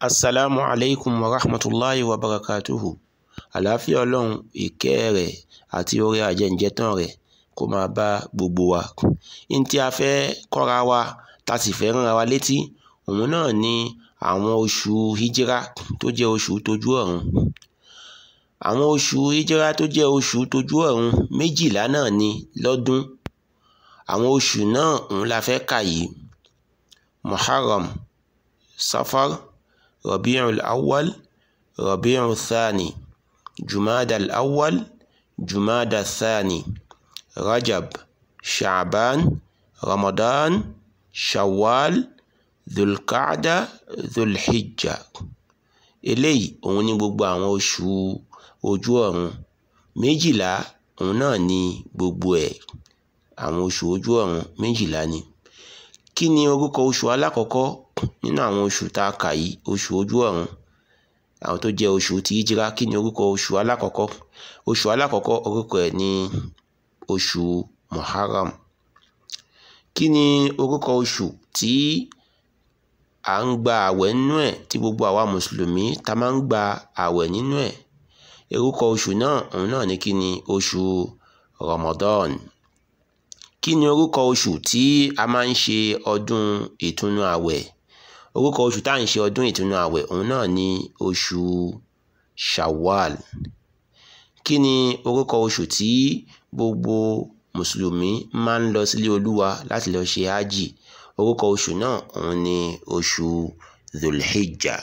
asalaamu alaykum wa rahmatulahi wa barakatuhu àlàáfíà ọlọ́run ìkẹ́ rẹ̀ àti orí àjẹǹjẹtàn rẹ̀ kó máa bá gbogbo wa. n tí a fẹ́ kọ́ra wa ta sì fẹ́ rán wa létí òun náà ni àwọn oṣù hijira tó jẹ́ oṣù tójú ọ̀run. àwọn oṣù hijira tó jẹ́ oṣù tójú ọ̀run méjìlá náà ni lọ́dún àwọn oṣù náà òun la fẹ́ kà yìí muharram safar ربيع الأول ربيع الثاني جماد الأول جماد الثاني رجب شعبان رمضان شوال ذو القعدة ذو الحجة eléyìí òun ni gbogbo àwọn oṣù ojú ọ̀run méjìlá òun náà ni gbogbo ẹ̀ àwọn oṣù ojú ọ̀run méjìlá ni kí ni orúkọ oṣù alákọ̀ọ́kọ́ nínú àwọn oṣù tá a kà yìí oṣù ojú ọ̀run àwọn tó jẹ́ oṣù ti hijira kí ni orúkọ oṣù alákọ̀ọ́kọ́ oṣù alákọ̀ọ́kọ́ orúkọ ẹ̀ ní oṣù muharram kí ni orúkọ oṣù tí à ń gba àwẹ̀ nínú ẹ̀ tí gbogbo àwa mùsùlùmí ta máa ń gba àwẹ̀ nínú ẹ̀ orúkọ oṣù náà òun náà ni kí ni oṣù ramadan kí ni orúkọ oṣù tí a máa ń ṣe ọdún ìtúnu àwẹ̀ orúkọ oṣù tá à ń ṣe ọdún ìtúnú ààwẹ̀ òun náà ni oṣù shawwal kí ni orúkọ oṣù tí gbogbo mùsùlùmí máa ń lọ sílé olúwa láti lọ ṣe hájì orúkọ oṣù náà òun ni oṣù dhulhijjah